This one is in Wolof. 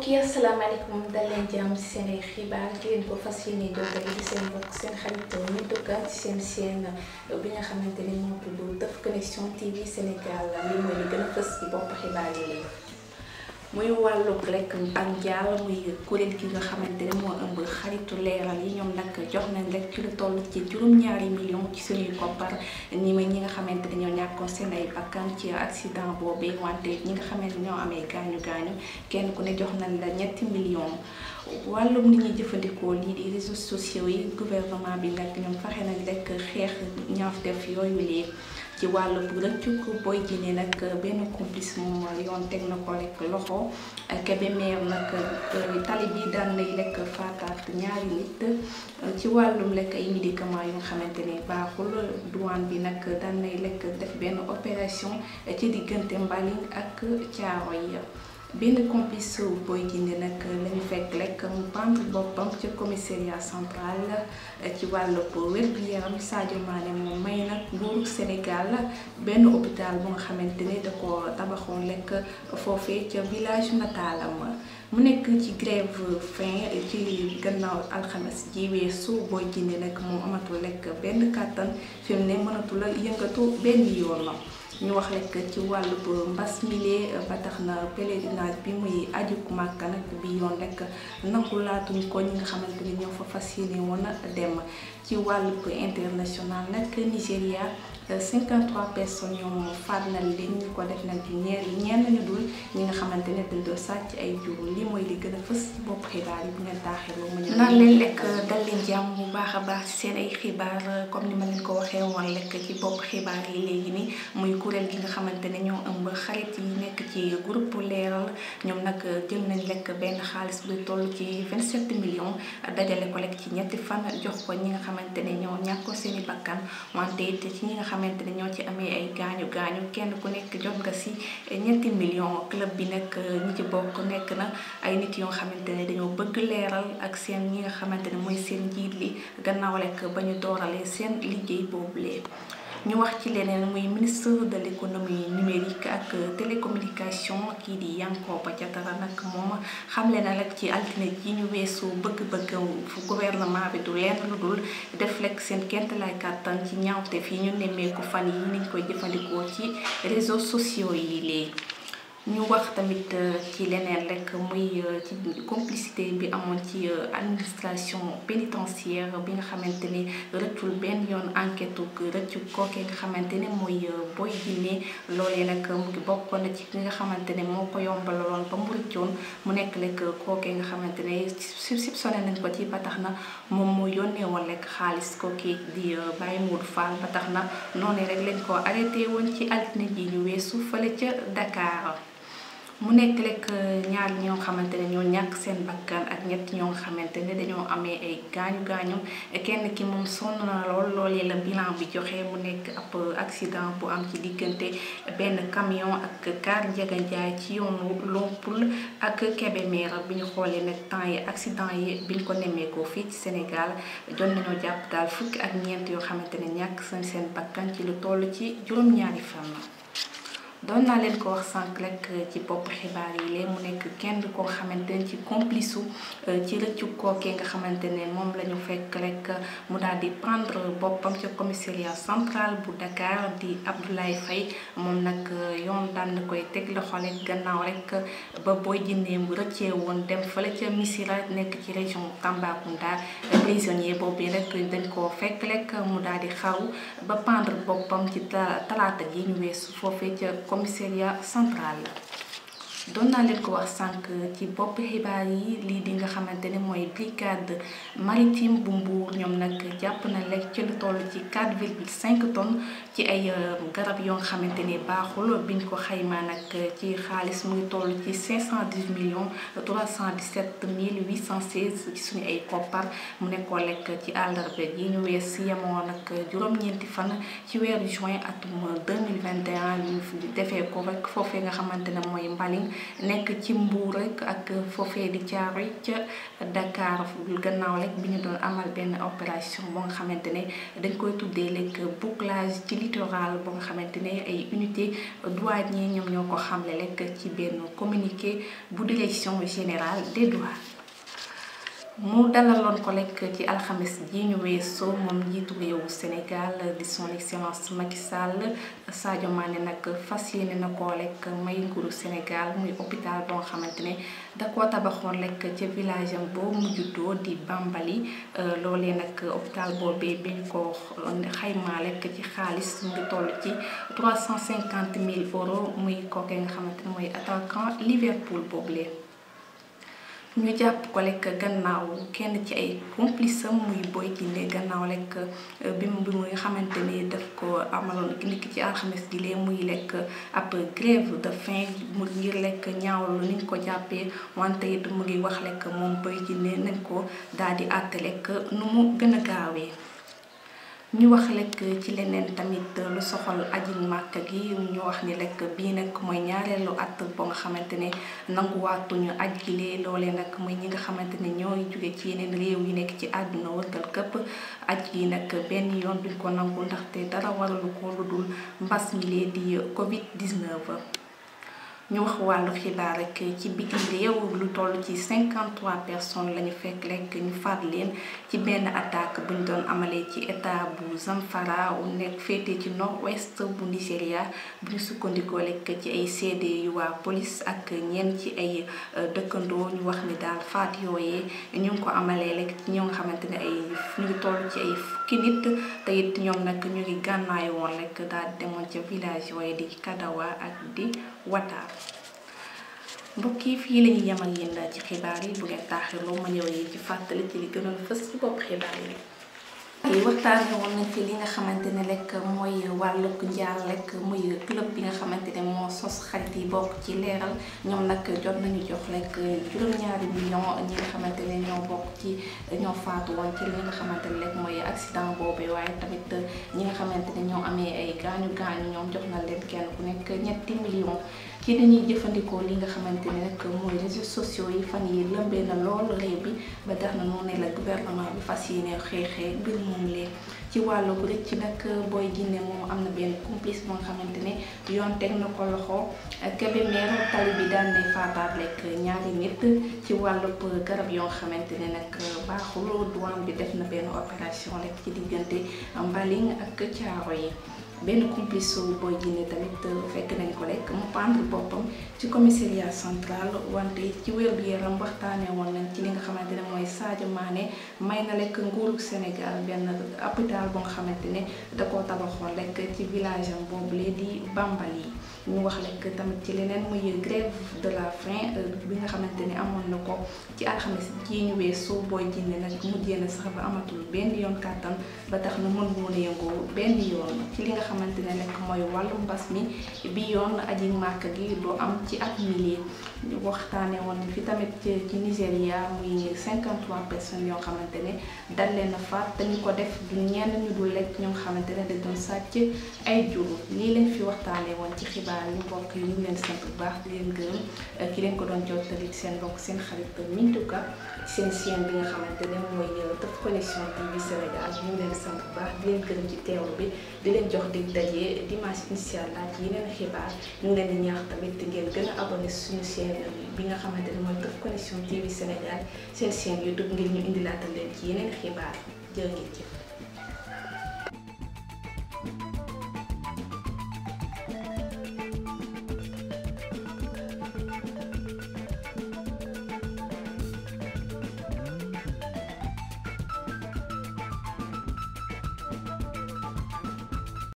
mbokk yi asalaamaaleykum dalee jàmm ci seen ay xibaar ji leen ko fas yéene dootale di seen mbokk seen xarit ñu dëkkaat ci seen chaîne bi nga xamante ni moo tudd Teuf Connection TV Sénégal li mooy li gën a fës ci bopp xibaar yi. muy wàllug rek am jaara muy kuréel ki nga xamante ne moo ëmb xaritu leeral yi ñoom nag jox nañ rek ci lu toll ci juróom-ñaari million ci suñuy koppar ñi ñi nga xamante ne ñoo ñàkkoon seen ay bakkan ci accident ñi nga xamante ñoo amee gaañu gaañu kenn ku ne jox nañ la ñetti million wàllum nit ñuy jëfandikoo lii di réseaux sociaux yi gouvernement bi nag ñoom fexe nañ rek xeex ñaaf def yooyu léegi ci wàllu rëccug Boy Djiné nag euh, benn complice moom yoon teg na ko rek loxo euh, Kébémer nag euh, tali bi daan lay lekk faataat ñaari nit ci wàllum lekk ay médicament yu nga xamante ne baaxul douane bi nag daan lay lekk def benn opération ci diggante Mbaling ak Thiaroye benn complice Boy Djiné nag lañu fekk lekk mu pendre boppam ca commissariat central ci wàllu wér-gu-yaram Sadio Mané moom may nag nguuru Sénégal benn hôpital bu nga xamante ne da ko tabaxoon rek foofee ca village nataalam mu nekk ci grève fin ci gannaaw alxames ji weesu Boy Djiné nag moom amatul rek benn kàttan fi mu ne mënatul yëngatu benn yoon ñu wax rek ci wàllub mbas milee ba tax na pèlerinage bi muy aju Màkka nag bi yoon rek nangu laatuñ ko ñi nga xamante ni ñoo fa fas yéene woon dem ci wàllub international nag Nigéria 53 personnes ñoo faat na leen ñu ko def nag ñeer ñenn ñu dul ñi nga xamante ne dañ sàcc ay jur li mooy li gën a fës ci bopp xibaar yi bu ngeen taaxirloo mu ñu naan lekk dal jàmm bu baax a baax ci seen ay xibaar comme ni ma leen ko waxee woon lekk ci bopp xibaar yi léegi nii muy kuréel gi nga xamante ne ñoo ëmb xarit yi nekk ci groupe leeral ñoom nag jël nañ lekk benn xaalis bu toll ci 27 millions dajale ko lekk ci ñetti xamante ne ñoo ñàkkoon seeni bakkan wante it ci ñi nga xamante ne ñoo ci amee ay gaañu gaañu kenn ku nekk jot nga si ñetti million club bi nag ñi ci bokk nekk na ay nit yoo xamante ne dañoo bëgg leeral ak seen ñi nga xamante ne mooy seen njiit li gannaaw lekk ba ñu dooralee seen liggéey boobu lee ñu wax ci leneen muy ministre de l' économie numérique ak télécommunication kii di Yankhoba Diattara nag moom xamle na nag ci altine yi ñu weesu bëgg-bëgg fu gouvernement bi du leen lu def lekk seen kent lay kàttan ci ñaawte fii ñu nemmeeku fan yi niñ koy jëfandikoo ci réseaux sociaux yi léegi. ñu wax tamit euh, ci leneen rekk muy euh, ci complicité bi amoon ci euh, administration pénitentiaire bi nga xamante ni rëccul benn yoon enquête rëccu kookee nga xamante ne mooy Boy Djiné loolee nag mu bokkoon na ci ki nga xamante ne moo ko yombalaloon ba mu rëccoon mu nekk rek kookee nga xamante ne soupçonné nañ ko ci ba tax na moom moo yónnee woon rek xaalis kookee di Baye Modou Fall ba tax na noonu rek lañ ko arrêté woon ci altine ji ñu weesu fële ca Dakar mu nekk rek euh, ñaar ñoo xamante ne ñoo ñàkk seen bakkan ak ñett ñoo xamante ne dañoo amee ay gaañu gaañu kenn ki moom sonn na lool loolee la bilan bi joxe mu nekk ab euh, accident bu am ci diggante benn camion ak car njeganjaay ci yoonu Lompoul ak Kébémer bi ñu xoolee nag temps yi accident yi bi ñu ko nemmeekoo fii ci Sénégal jot nañoo jàpp daal fukki ak ñeent yoo xamante ne ñàkk seen seen bakkan ci lu toll ci juróom-ñaari fan. doon naa leen ko wax sànq rek euh, ci bopp xibaar yi léegi mu nekk kenn koo xamante ne ci complice euh, ci rëccu kookee nga xamante ne moom la ñu fekk rek mu daal di prendre boppam ca commissariat central bu dakaar di Abdoulaye Faye moom nag euh, yoon daan na koy teg loxo rek gannaaw rek ba Boy Djiné mu rëccee woon dem fële ca Missira nekk ci région Tambacounda prisonnier boobu rek dañ koo fekk rek mu daal di xaru ba prendre boppam ci talaata ji ñu weesu foofee ca. commissariat central doon naa leen ko wax sànq ci bopp xibaar yi lii di nga xamante ne mooy brigade maritime bu Mbour ñoom nag jàpp na lekk ci lu toll ci 4,5 tonnes ci ay euh, garab yoo xamante ne baaxul biñ ko xayma nag ci xaalis mu ngi toll ci 510 millions 317 mille 816 ci suñu ay koppar mu nekkoo lekk ci àllarba yi ñu wees yemoo nag juróom-ñeenti fan ci weeru juin atum 2021 ñu defee ko rek foofee nga xamante ne mooy Mbaling nekk ci Mbour rek ak foofee di caaru ca Dakar gannaaw rek bi ñu doon amal benn opération boo nga xamante ne dañ koy tuddee lekk bouclage ci littoral boo nga xamante ne ay unité douanier ñoom ñoo ko xamle rek ci benn communiqué bu direction général des douanes mu dalaloon ko lekk ci alxames ji ñu weesu moom njiitu réewu Sénégal di son excellence Macky Sall Sadio Mané nag fas yéene na koo lekk may nguuru Sénégal muy hôpital boo xamante ne da koo tabaxoon lekk ca village boo mu juddoo di Bambali euh, loolee nag hôpital boobee biñ ko euh, xaymaa lekk ci xaalis mu toll ci trois cent cinquante mille euros muy kooke nga xamante ne mooy attaquant Liverpool boobule. ñu jàpp ko lekk gannaaw kenn ci ay complice am muy booy Djiné gannaaw lekk euh, bi mu bi muy xamante ni daf ko amaloon niki ci alxames gi lee muy lekk ab grève de fin mu ngir lekk ñaawlu niñ ko jàppee wante it mu ngi wax lekk moom Boy Djiné nañ ko daal di àtte lekk nu mu gën a gaawee. ñu wax lekk ci leneen tamit lu soxal ajin màkk gi ñu wax ni lekk bii nag mooy ñaareelu at ba nga xamante ne nanguwaatuñu aj gi lee loolee nag mooy ñi nga xamante ne ñooy jóge ci yeneen réew yi nekk ci àdduna wërtal këpp aj yi nag benn yoon duñ ko nangu ndaxte dara waralu ko lu dul mbas mi leen di covid 19 ñu wax wàllu xibaar rek ci bitim réew lu toll ci 53 personnes lañu fekk rek ñu faat leen ci benn attaque buñ doon amalee ci état bu Zamfara u nekk féete ci nord ouest bu Nigéria bu sukkandikoo rek ci ay seede yu waa police ak ñenn ci ay euh, dëkkandoo ñu wax ni daal faat yooyee ñu ngi ko amalee rek ci ñoo nga xamante ne ay ñu ngi toll ci ay fukki nit te it ñoom nag ñu ngi gànnaay woon rek daal demoon ca village yooye di Kadawa ak di wataab mbokk yi fii lañuy yamal yéen daal ci xibaar yi bu ngeen taaxirloo ma ñëw yi ci fàttali ci li gënoon fës ci bopp xibaar yi waxtaan waxtaanee woon nañ fi li nga xamante ne rek mooy wàllug njaal rek muy club bi nga xamante ne moo sos xarit yi bokk ci leeral ñoom nag jot nañu jox rek juróom-ñaari million ñi nga xamante ne ñoo bokk ci ñoo faatu woon ci li nga xamante ne rek mooy accident boobu waaye tamit ñi nga xamante ne ñoo amee ay gaañu gaañu ñoom jox na leen kenn ku nekk ñetti million ci dañuy jëfandikoo li nga xamante ni nag mooy réseaux sociaux yi fan yi lëmbee na lool réew bi ba tax na noonu la gouvernement bi fas yéene xeexee mbir moom leen ci wàllu rëcc ci nag booy jinne moom am na benn complice ba nga xamante ne yoon teg na ko loxo Kébémer tali bi daan ne faataat lekk ñaari nit ci wàllub garab yoo xamante ne nag baaxul douane bi def na benn opération rek ci diggante Mbaling ak Caaro yi benn complice su Boy Djiné tamit euh, fekk nañ ko rek mu pendre boppam ci commissariat central wante ci wér gu yaram waxtaanee woon nañ ci li nga xamante ne mooy Sadio Mané may na lekk nguuru Sénégal benn hôpital bu nga xamante ne da ko tabaxoon rek ci village boobu lee di yi ñu wax rek tamit ci leneen muy grève de la faim euh, bi nga xamante ni amoon na ko ci alxames ji ñu weesu Boy Djiné nag mujjee na sax ba amatul benn yoon kàttan ba tax na mën woon a benn yoon ci li nga xamante ne nag mooy wàllu mbas mi bi yoon aji màkk gi du am ci at mi waxtaane woon fi tamit ci Nigéria muy 53 personnes yoo xamante ne dal leen a faat te ñu ko def du ñenn ñu dul lekk ñoo xamante ne dañ doon sàcc ay jur lii lañ fi waxtaane woon ci xibaar ñu mbokk yi ñu ngi leen sant bu baax di leen gërëm euh, ki leen ko doon jottali seen bokk seen xarit Mintou Ka seen chaîne bi nga xamante ne mooy Teuf Connection TV Sénégal ñu ngi leen sant bu baax di leen gërëm bi di leen jox dig daje dimanche incha allah ci yeneen xibaar ñu leen di ñaax tamit ngeen gën a abonné suñu chaîne bi nga xamante ne mooy Teuf Connection TV Sénégal seen chaîne YouTube ngir ñu indilaatal leen ci yeneen xibaar jërë ngeen jëf